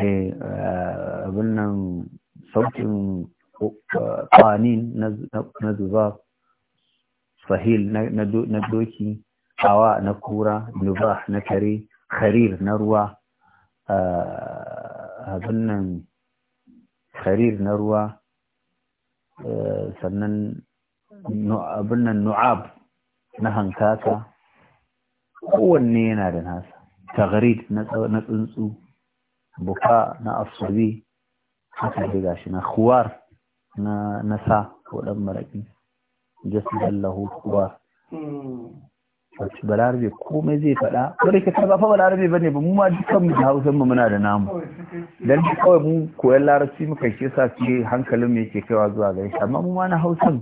eh, eh, abin nan sautin kwanin na zuba sahil na doki hawa na kura nuba na kare harir na ruwa abin nan kharir na ruwa sannan abin nan nu'ab na hankaka kowanne yana da nasa tagharid na tsuntsu buka na asabi haka dai gashi na khuwar na nasa ko dan maraki jasadan lahu khuwar wacce balarabe komai zai faɗa wadda ke karɓa fa balarabe ba ne ba mu ma dukkan mu da hausan mu muna da namu dan kawai mu koyan larabci muka ke sa hankalin mu yake kaiwa zuwa gare shi amma mu ma na hausan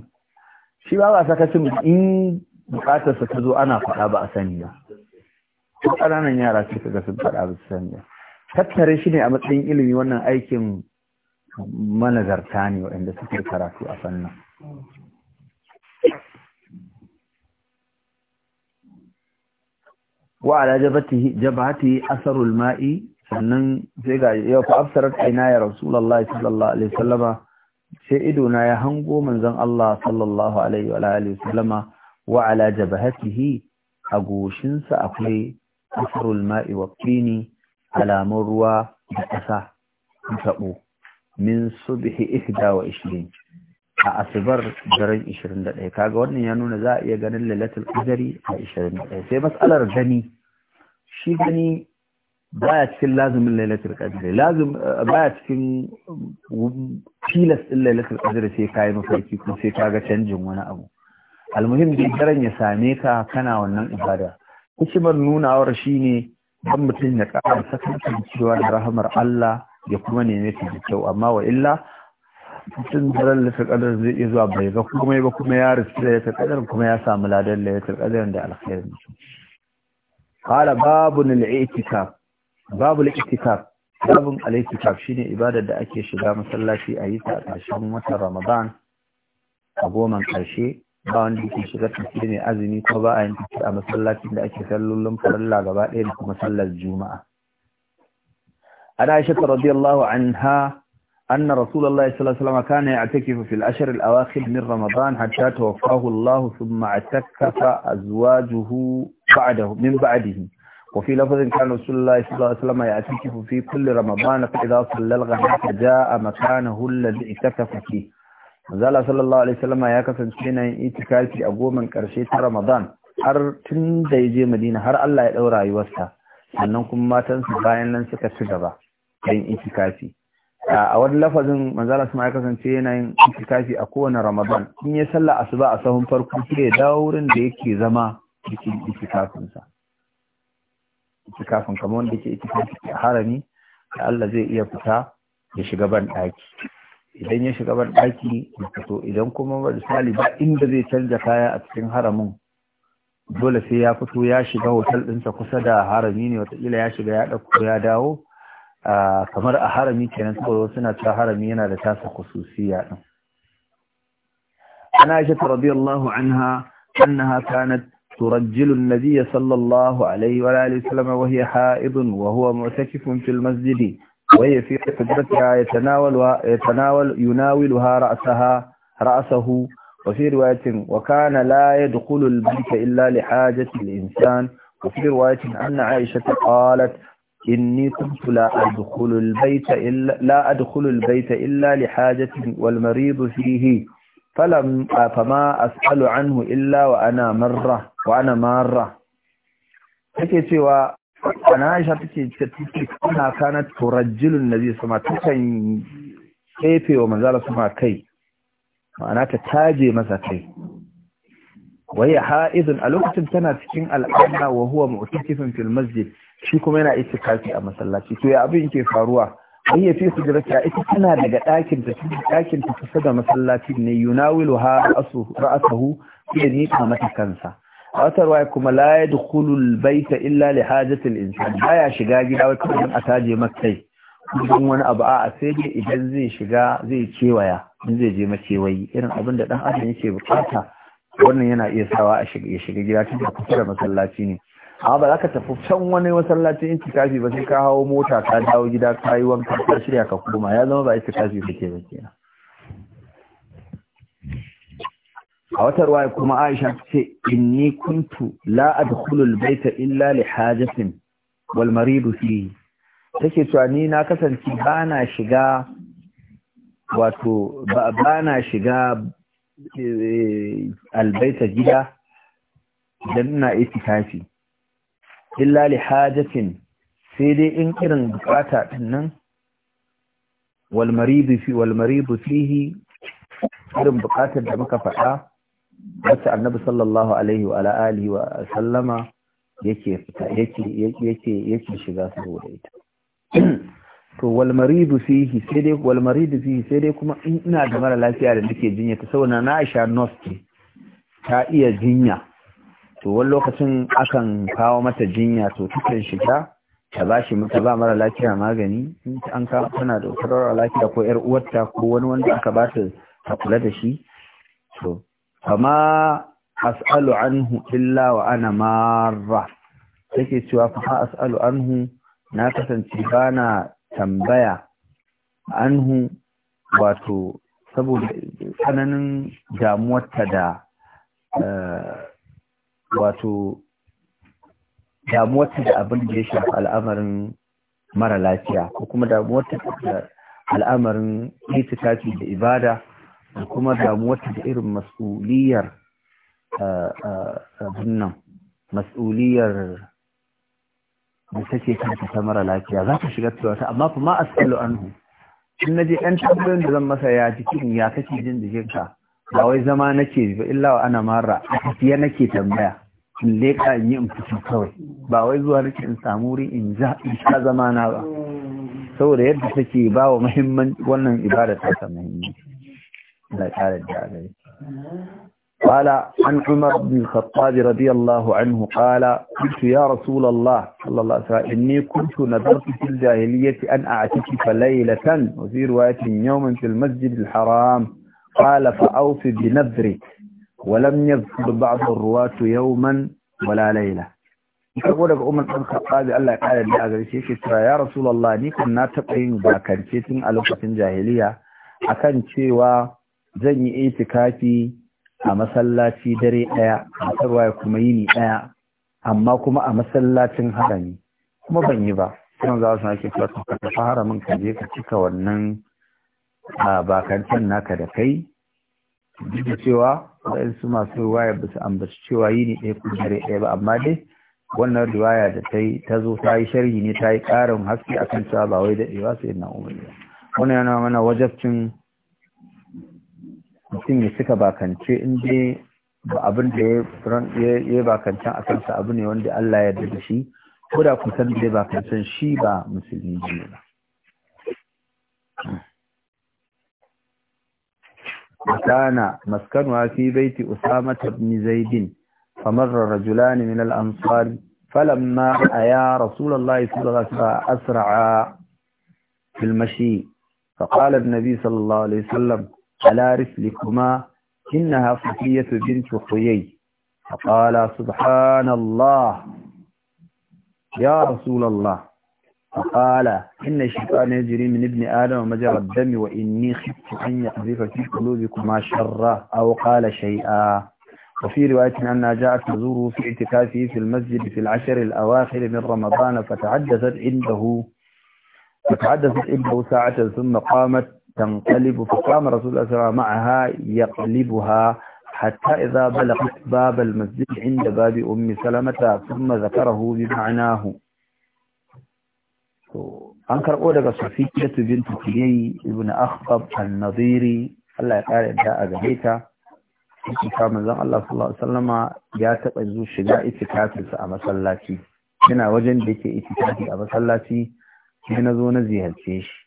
shi ba ba sakacin in bukatarsa ta zo ana faɗa ba a sani ba ko ƙananan yara ce kaga sun faɗa ba su sani ba tattare shi ne a matsayin ilimi wannan aikin manazarta ne waɗanda suke karatu a fannin wa ala jabati asarul ma'i sannan sai ga yau fa absarat aina ya rasulullahi sallallahu alaihi wasallama sai ido na ya hango manzon Allah sallallahu alaihi wa alihi wasallama wa ala jabhatihi a goshinsa akwai asarul ma'i wa tini alamun ruwa da ƙasa taɓo min subhi ihda wa ishirin a asibar daren 21 kaga wannan ya nuna za a iya ganin lailatul qadari a 21 sai mas'alar gani shi gani baya cikin lazumin lailatul qadri lazum eh, baya cikin tilas um, din lailatul qadri sai ka yi mafarki ko sai ka ga canjin wani abu almuhim da daren ya same ka kana wannan ibada hikimar nunawar shine dan mutum ya ƙara sakankan cewa da rahamar Allah ya kuma neme ta da kyau amma wa illa mutum daren lafi kadar zai iya zuwa bai ga kuma ba kuma ya rufe da ya kadar kuma ya samu ladan da ya kadar da alkhairin qala babun al-i'tikaf babu al-i'tikaf babun al-i'tikaf shine ibadar da ake shiga masallaci a yi ta a ƙarshen watan Ramadan a goman ƙarshe ba wanda yake shiga tafiya azumi ko ba a yin a masallacin da ake sallolin farilla gaba ɗaya da kuma sallar juma'a Ana aisha radiyallahu anha anna rasulallah sallallahu alaihi wasallam kana ya'takifu fil ashr al awakhir min ramadan hatta tawaffahu Allah thumma atakafa azwajuhu ba'dahu min ba'dihi وفي لفظ كان رسول الله صلى الله عليه وسلم يعتكف في كل رمضان فإذا صلى الغداء جاء مكانه الذي اعتكف فيه manzala sallallahu alaihi wasallama ya kasance na yin itikafi a goman karshe ta ramadan har tun da ya je madina har Allah ya ɗaura rayuwarsa sannan kuma matansa bayan nan suka ci gaba yin itikafi a wani lafazin manzala sama ya kasance yana yin itikafi a kowane ramadan in ya salla asuba a sahun farko sai ya dawo wurin da yake zama cikin itikafinsa itikafin kamar wanda yake itikafi a harami da Allah zai iya fita ya shiga ban ɗaki idan ya shiga banɗaki ɗaki fito idan kuma misali ba inda zai canja kaya a cikin haramin dole sai ya fito ya shiga hotel ɗinsa kusa da harami ne watakila ya shiga ya ɗauko ya dawo kamar a harami kenan saboda wasu na cewa harami yana da tasa kususiya ɗin an aisha radiyallahu anha annaha kanat ترجل النبي صلى الله عليه وآله وسلم وهي حائض وهو معتكف في المسجد وهي في قدرتها يتناول ويتناول يناولها رأسها رأسه وفي رواية وكان لا يدخل البيت إلا لحاجة الإنسان وفي رواية أن عائشة قالت إني كنت لا أدخل البيت إلا لا أدخل البيت إلا لحاجة والمريض فيه فلم فما أسأل عنه إلا وأنا مرة وأنا مارة anaisha aisha take take kana kana na nabi sama tukan kefe wa manzala sama kai ma'ana ta taje masa kai ya ha'izun a lokacin tana cikin al'ada wa huwa mu'takifin fil masjid shi kuma yana itikafi a masallaci to ya abin yake faruwa wai ya fi hujrata ita tana daga ɗakin ta cikin ɗakin ta kusa da masallaci ne yunawilu ha ra'sahu sai ya nika mata kansa wata ruwa kuma la ya dukulul baita illa li hajatil insan ya shiga gida wata don a taje makai don wani abu a a sai dai idan zai shiga zai kewaya in zai je makewayi irin abin da ɗan adam yake bukata wannan yana iya sawa a shiga ya shiga gida tun da kusa da masallaci ne amma ba za ka tafi can wani masallacin itikafi ba sai ka hawo mota ka dawo gida ka yi wanka ka shirya ka koma ya zama ba ba kake ba kenan a wata ruwaya kuma aisha ta ce inni kuntu la adkhulu albayta illa li hajatin wal maridu fi take cewa ni na kasance bana shiga wato bana shiga eh, albayta gida dan ina itikafi illa li hajatin sai dai in irin bukata din nan wal maridu fi wal maridu fihi irin bukatar da muka faɗa wacce annabi sallallahu alaihi wa alihi wa sallama yake fita yake yake yake shiga saboda ita to wal maridu fihi sai dai wal maridu fihi sai kuma in ina da mara lafiya da nake jinya ta saboda na Aisha nurse ta iya jinya to wani lokacin akan kawo mata jinya to tukan shiga ta ba shi ba mara lafiya magani in an ka tana da kwarar lafiya ko yar uwarta ko wani wanda aka ba ta kula da shi to fama as'alu anhu illa wa ana marra take cewa fama as'alu anhu na kasance bana tambaya anhu wato saboda tsananin damuwarta da wato damuwarta da abin da ya shafi al'amarin mara lafiya ko kuma damuwarta da al'amarin itikafi da ibada da kuma damuwar da irin mas'uliyar abin nan mas'uliyar da take kanta ta mara lafiya za ta shiga cewa amma kuma as'alu anhu in naje ɗan tambayoyin da zan masa ya jikin ya kake jin jikinka ba wai zama nake ba illa wa ana mara a nake tambaya in leƙa in yi in fito kawai ba wai zuwa nake in samu wuri in ja in sha zamana ba saboda yadda take ba wa muhimmanci wannan ibada ta muhimmanci لا قال عليه قال عن عمر بن الخطاب رضي الله عنه قال قلت يا رسول الله صلى الله عليه وسلم إني كنت نذرت في الجاهلية أن أعتكف ليلة وفي رواية يوما في المسجد الحرام قال فأوف بنذرك ولم يذكر بعض الرواة يوما ولا ليلة يقول لك عمر بن الخطاب الله قال لي يا رسول الله إني كنت تقين باكرتين ألوكة جاهلية akan و zan yi itikafi a masallaci dare ɗaya a kuma yini ɗaya amma kuma a masallacin harami kuma ban yi ba sun za su nake cewa ka tafi haramin ka je ka cika wannan bakantan naka da kai duk da cewa su masu riwaya ba su ambaci cewa yini ɗaya ko dare ɗaya ba amma dai wannan riwaya da ta yi ta zo ta yi sharhi ne ta yi ƙarin haske akan cewa ba wai daɗewa sai na umarni wannan yana mana wajabcin mutum ya cika bakance in dai ba abin da ya yi bakancen a kansa abu ne wanda Allah ya da shi ko da kusan da ya bakancen shi ba musulmi ba. Masana, maskan fi baiti Usama tabni zaidin, famar rajula ne min al’amfari, falam a ya Rasulallah ya tura zafira asra'a filmashi, faƙalar Nabi sallallahu Alaihi sallam, على رسلكما إنها صفية بنت حيي فقال سبحان الله يا رسول الله فقال إن الشيطان يجري من ابن آدم ومجرى الدم وإني خفت أن يقذف في قلوبكما شرا أو قال شيئا وفي رواية أنها جاءت تزوره في اعتكافه في المسجد في العشر الأواخر من رمضان فتحدثت عنده فتحدثت عنده ساعة ثم قامت تنقلب فقام رسول الله صلى الله عليه وسلم معها يقلبها حتى إذا بلغت باب المسجد عند باب أم سلمة ثم ذكره بمعناه أنكر أولك صفية بنت كيي ابن أخطب النظيري الله يقال إبداء جهيتا كما زال الله صلى الله عليه وسلم يا تقزو شجاء اتكاتل أما صلاتي هنا وجن بك اتكاتل أما صلاتي هنا زون زيهل فيش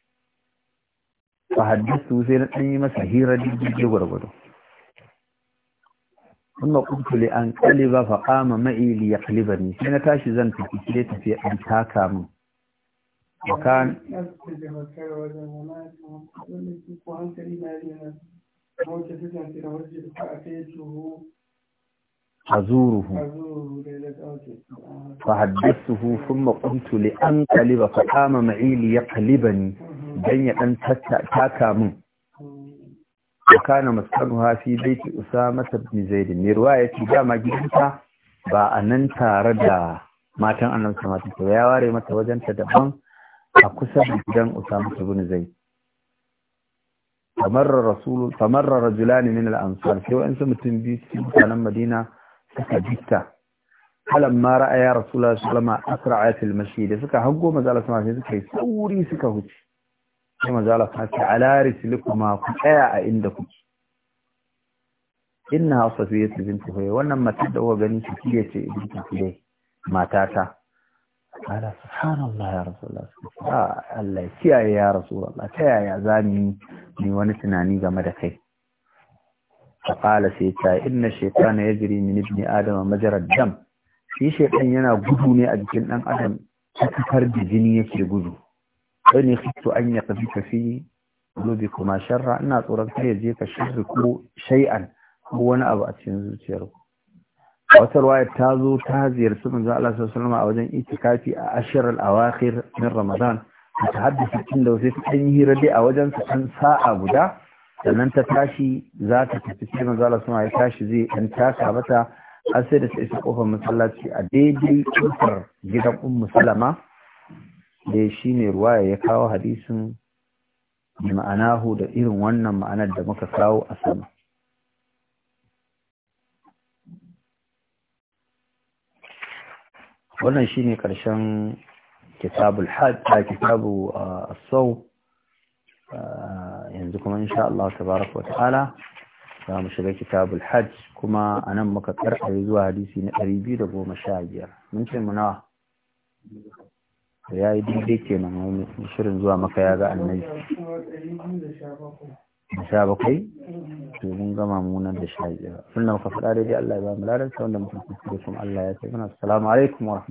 فحدثت وزير اني مسهيرة دي جورة ثم قلت لأنقلب فقام معي ليقلبني سينا تاشي زن في كتلت في انتاكا وكان أزوره فحدثته ثم قلت لأنقلب فقام معي ليقلبني dan ya dan taka min kana maskanu hafi baiti usama ibn zaid ne ruwaya ce dama gidansa ba a nan tare da matan annabi sallallahu ta wasallam ya ware mata wajen ta daban a kusa da gidan usama ibn zaid Kamar rasul tamarra rajulan min al-ansar sai wa'ansu mutum biyu cikin mutanen madina suka bitta falamma ma ra'aya rasulullahi sallallahu alaihi wasallam asra'at al-mashi da suka hango manzo sallallahu alaihi wasallam suka yi sauri suka huce sai manzo Allah ta ce ala rislikuma ku tsaya a inda kuke inna ya binti huyay wannan matar da uwa gani shi ya ce binti huyay matata ala subhanallah ya rasulullah ah, Allah ya kiyaye ya rasulullah ta yaya zamu yi wani tunani game da kai sai ta فقال inna إن ya يجري من ابن آدم مجرى dam. shi shaitan yana gudu ne a jikin ɗan adam ta kafar da jini yake gudu ni khiftu an ya kafi kafi lobi kuma sharra ina tsoron kai je ka shirri ko shay'an ko wani abu a cikin zuciyar ku wata ruwaya ta zo ta ziyarci manzo Allah sallallahu alaihi a wajen itikafi a ashirar awakhir min ramadan ta haddasa cikin da wasu ta yi hira dai a wajen su kan sa'a guda sannan ta tashi za ta tafi sai manzo Allah sallallahu alaihi ya tashi zai dan taka mata har sai da ta isa kofar masallaci a daidai kofar gidan ummu salama dai shi ne ruwaya ya kawo hadisin ma'anahu da irin wannan ma'anar da muka kawo a sama wannan shi ne ƙarshen kitabul hajji kitabu a sau yanzu kuma insha Allah tabaraka wa ta'ala za mu shiga kitabul hajj kuma a nan muka karkare zuwa hadisi na 215 mun ce mu nawa to ya yi daidai kenan wani shirin zuwa maka ya ga annabi da sha bakwai to mun gama munan da sha biyar sunna muka faɗa daidai Allah ya ba mu lalata wanda muka kuma Allah ya ce mana assalamu alaikum wa